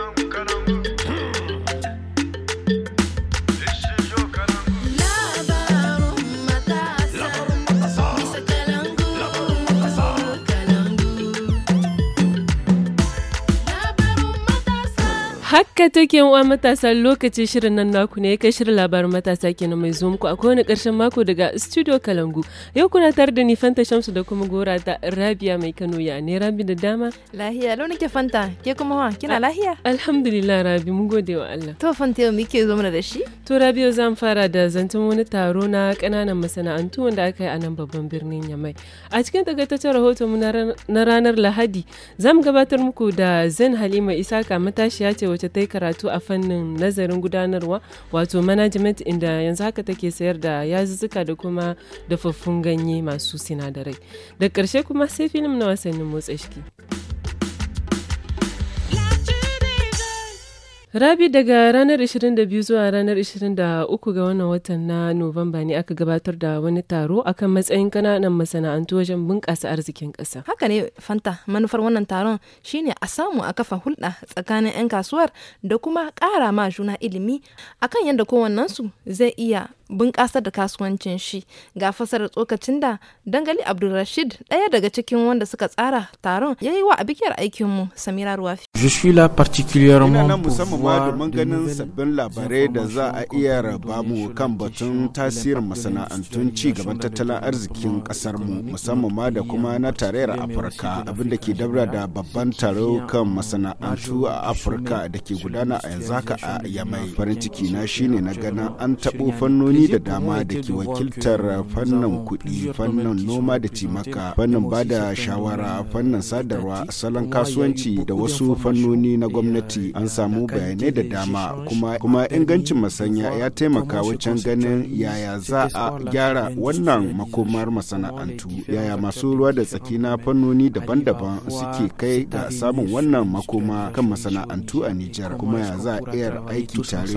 I'm gonna. Haka take uwa matasa lokacin shirin nan naku ne kai shirin labarin matasa kenan mai zuwa muku a kowane karshen mako daga studio Kalangu. Yau kuna tare da ni Fanta Shamsu da kuma gora ta Rabia mai Kano ya ne Rabi da dama. Lahiya lau nake Fanta ke kuma wa kina lahiya? Alhamdulillah Rabi mun gode wa Allah. To Fanta yau muke zo mana da shi? To Rabi yau zan fara da zantun wani taro na kananan masana'antu wanda aka yi a nan babban birnin Yamai. A cikin takaitaccen rahoton mu na ranar Lahadi zamu gabatar muku da Zain Halima Isaka matashiya ce wacce. wacce ta yi karatu a fannin nazarin gudanarwa wato management inda yanzu haka take sayar da yazuzzuka da kuma dafaffun ganye masu sinadarai da ƙarshe kuma sai filim na wasannin motsa shiki. Rabi daga ranar 22 zuwa ranar 23 ga wannan watan na Nuwamba ne aka gabatar da wani taro akan matsayin kananan masana'antu wajen bunƙasa arzikin ƙasa. Haka ne Fanta manufar wannan taron shine a samu a kafa hulɗa tsakanin 'yan kasuwar da kuma ƙara ma juna ilimi akan yadda kowannensu zai iya bunƙasar da kasuwancin shi ga fasarar tsokacin da dangali Abdulrashid ɗaya daga cikin wanda suka tsara taron ya yi wa a bikiyar aikinmu Samira Ruwafi. Je suis là particulièrement Ina musamman ma domin ganin sabbin labarai da za a iya raba mu kan batun tasirin masana'antun ci gaban tattalin arzikin kasar mu musamman ma da kuma na tarayyar Afirka abinda ke dabra da babban taro kan masana'antu a Afirka da ke gudana a yanzu haka a Yamai. Farin ciki na shine na ganin an taɓo fannoni da dama da ke wakiltar fannin kuɗi, fannin noma da cimaka, fannin bada shawara, fannin sadarwa, salon kasuwanci da wasu fannoni na gwamnati an samu bayanai da dama kuma, ingancin masanya ya taimaka wajen ganin yaya za a gyara wannan makomar masana'antu yaya masu ruwa da tsaki na fannoni daban-daban suke kai da samun wannan makoma kan masana'antu a Nijar kuma ya za a iya aiki tare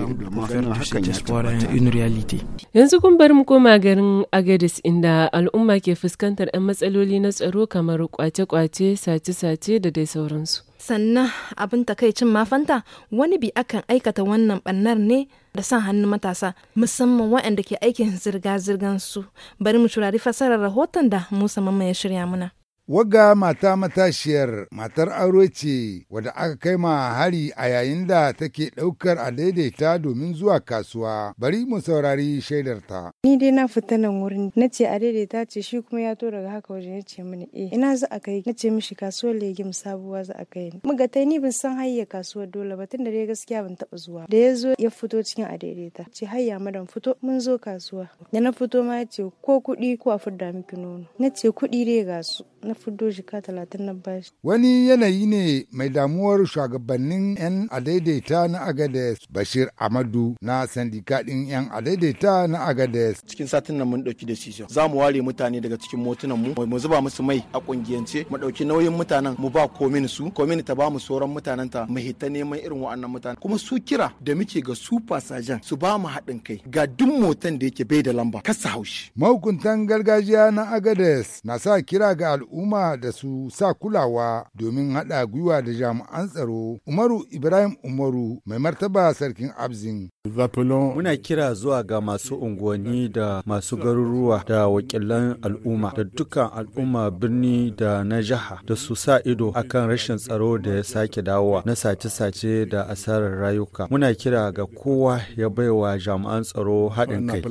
hakan ya tabbata. Yanzu kun bar mu koma garin Agadis inda al'umma ke fuskantar 'yan matsaloli na tsaro kamar kwace-kwace, sace-sace da dai sauransu. sannan abin takaicin mafanta wani bi akan aikata wannan bannar ne da san hannun matasa musamman waɗanda ke aikin zirga-zirgan su bari mu turari fasarar rahoton da musa mamma ya shirya muna Wagga mata matashiyar matar aure ce wadda aka kai ma hari a yayin da take ɗaukar a daidaita domin zuwa kasuwa. Bari mu saurari shaidarta. Ni dai na fita nan wurin na ce a daidaita ce shi kuma ya to daga haka wajen ya ce mini eh ina za a kai na ce mishi kasuwar legim sabuwa za a kai ni. Muga ni bin san hayya kasuwar dole ba tun da dai gaskiya ban taɓa zuwa. Da ya zo ya fito cikin a daidaita ce hayya madam fito mun zo kasuwa. Da na fito ma ya ce ko kuɗi ko a fudda miki nono. Na ce kuɗi dai ga su. na fudo jika talatin na bashi. Wani yanayi ne mai damuwar shugabannin 'yan adaidaita na Agades Bashir Amadu na sandika ɗin 'yan adaidaita na Agades. Cikin satin nan mun ɗauki decision. Za mu ware mutane daga cikin motunan mu, mu zuba musu mai a ƙungiyance, mu ɗauki nauyin mutanen mu ba komin su, komin ta ba mu sauran mutanen ta mu hita neman irin wa'annan mutanen. Kuma su kira da muke ga su fasajen su ba mu haɗin kai ga duk motan da yake bai da lamba kasa haushi. Mahukuntan gargajiya na Agades na sa kira ga al'umma al'umma da su sa kulawa domin haɗa gwiwa da jami'an tsaro Umaru Ibrahim Umaru mai martaba sarkin Abzin Muna kira zuwa ga masu unguwanni da masu garuruwa da wakilan al'umma da dukkan al'umma birni da na jiha da su sa ido akan rashin tsaro da ya sake dawowa na sace-sace da asarar rayuka. Muna kira ga kowa ya baiwa jami'an tsaro haɗin kai.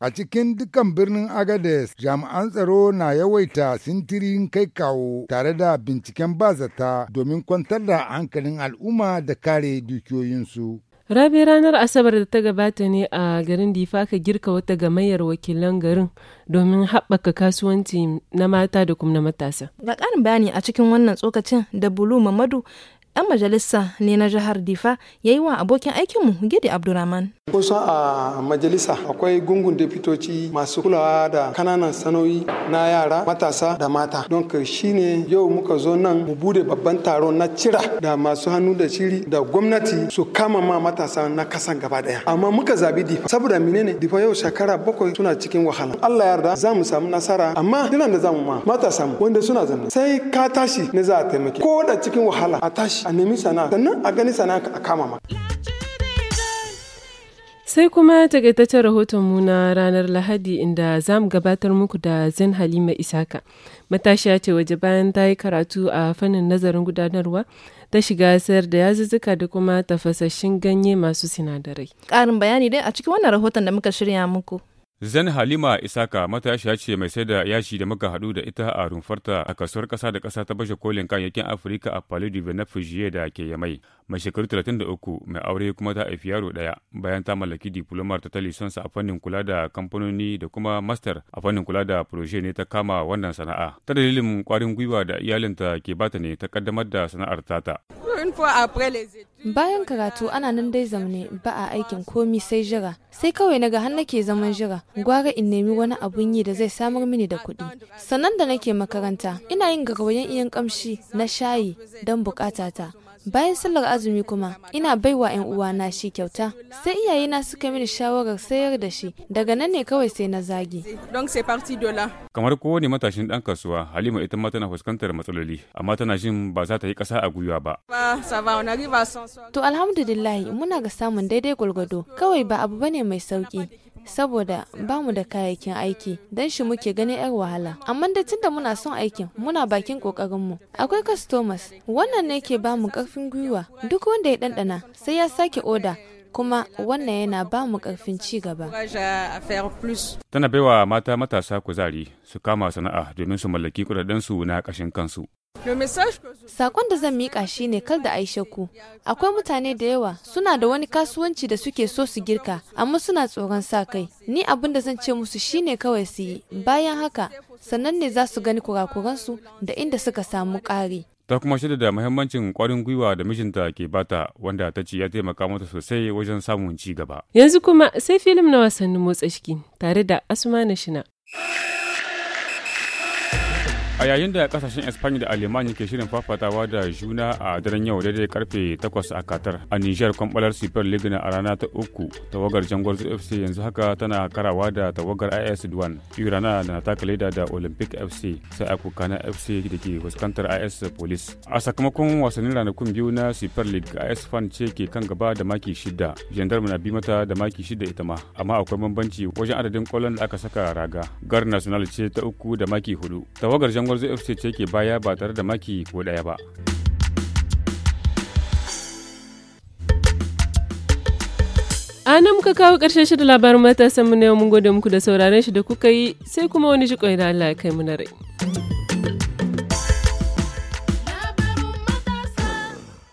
A cikin dukkan birnin Agades, jami'an tsaro na yawaita sintirin kai kawo tare da binciken bazata domin kwantar da hankalin al'umma da kare dukiyoyin su. Rabi ranar Asabar da ta gabata ne a garin Difa ka girka wata gamayyar wakilan garin domin haɓaka kasuwanci na mata da kuma na matasa. Da ƙarin bayani a cikin wannan tsokacin da Bulu Mamadu ɗan majalisa ne na jihar difa ya yi wa abokin aikinmu gidi abdurrahman kusa a majalisa akwai gungun deputoci masu kulawa da kananan sanoyi na yara matasa da mata don shine yau muka zo nan mu bude babban taro na cira da masu hannu da shiri da gwamnati su kama ma matasa na kasan gaba daya amma muka zabi difa saboda menene difa yau shekara bakwai suna cikin wahala Allah yarda za mu samu nasara amma dinan da zamu ma matasa wanda suna zanne sai ka tashi ne za a taimake ko da cikin wahala a tashi a nemi sana'a sannan a gani sana a kama maka Sai kuma takaitaccen mu na ranar Lahadi inda za mu gabatar muku da Zain Halima Isaka. Matashiya ce waje bayan ta yi karatu a fannin nazarin gudanarwa ta shiga sayar da yazuzzuka da kuma tafasasshen ganye masu sinadarai. Ƙarin bayani dai a cikin wannan rahoton da muka shirya muku. Zan Halima Isaka matashiya ce mai sai da yashi da muka haɗu da ita a rumfarta a kasuwar kasa da ƙasa ta bashe kolin kayayyakin Afirka a Palu de Benefice da ke Yamai. Mai shekaru 33 mai aure kuma ta haifi yaro ɗaya bayan ta mallaki diplomar ta lisonsa a fannin kula da kamfanoni da kuma master a fannin kula da proje ne ta kama wannan sana'a. Ta dalilin kwarin gwiwa da iyalinta ke bata ne ta kaddamar da sana'ar tata. Bayan karatu ana nan dai zamne ba a aikin komi sai jira. Sai kawai naga har nake zaman jira, gwara in nemi wani abun yi da zai samar mini da kuɗi. Sannan da nake makaranta, ina yin garwayen iyan kamshi na shayi don bukatata. Bayan sallar azumi kuma ina baiwa 'yan uwana shi kyauta. Sai iyayena suka mini shawarar sayar da shi. Daga nan ne kawai sai na zagi. Kamar kowane matashin dan kasuwa, Halima ita ma tana fuskantar matsaloli, amma tana jin ba za ta yi kasa a gwiwa ba. To alhamdulillahi muna ga samun daidai gwalgwado. Kawai ba abu bane mai sauki. saboda ba mu da kayayyakin aiki don shi muke ganin yar wahala amma da tunda muna son aikin muna bakin kokarinmu akwai customers wannan ne ke ba mu karfin gwiwa duk wanda ya dandana sai ya sake oda kuma wannan yana ba mu karfin ci gaba. Tana baiwa mata matasa kuzari su kama sana'a domin su mallaki kudaden su na kashin kansu. Sakon da zan miƙa shi ne kar da aisha ku. Akwai mutane da yawa suna da wani kasuwanci da suke so su girka, amma suna tsoron sa kai. Ni abin da zan ce musu shine kawai su yi. Bayan haka, sannan ne za su gani kurakuransu da inda suka samu ƙari. Ta kuma shida da muhimmancin kwarin gwiwa da mijinta ke bata wanda ta ce ya taimaka mata sosai wajen samun ci gaba. Yanzu kuma sai filim na wasannin motsa shiki tare da asuma na Shina. a yayin da kasashen espanya da alemani ke shirin fafatawa da juna a daren yau daidai karfe 8 a katar a niger kwambalar super league na a rana ta uku tawagar jangwar fc yanzu haka tana karawa da tawagar is duwan rana da na taka leda da olympic fc sai akuka na fc da ke fuskantar is police a sakamakon wasannin ranakun biyu na super league is fan ce ke kan gaba da maki shida gendarme na bi mata da maki shida ita ma amma akwai bambanci wajen adadin kwallon da aka saka raga gar national ce ta uku da maki hudu tawagar gwarzo fc ce ke baya ba tare da maki ko ɗaya ba nan muka kawo ƙarshen shi da labarin matasan mu na yau mun gode muku da sauraron shi da kuka yi sai kuma wani shi da Allah ya kai mu na rai.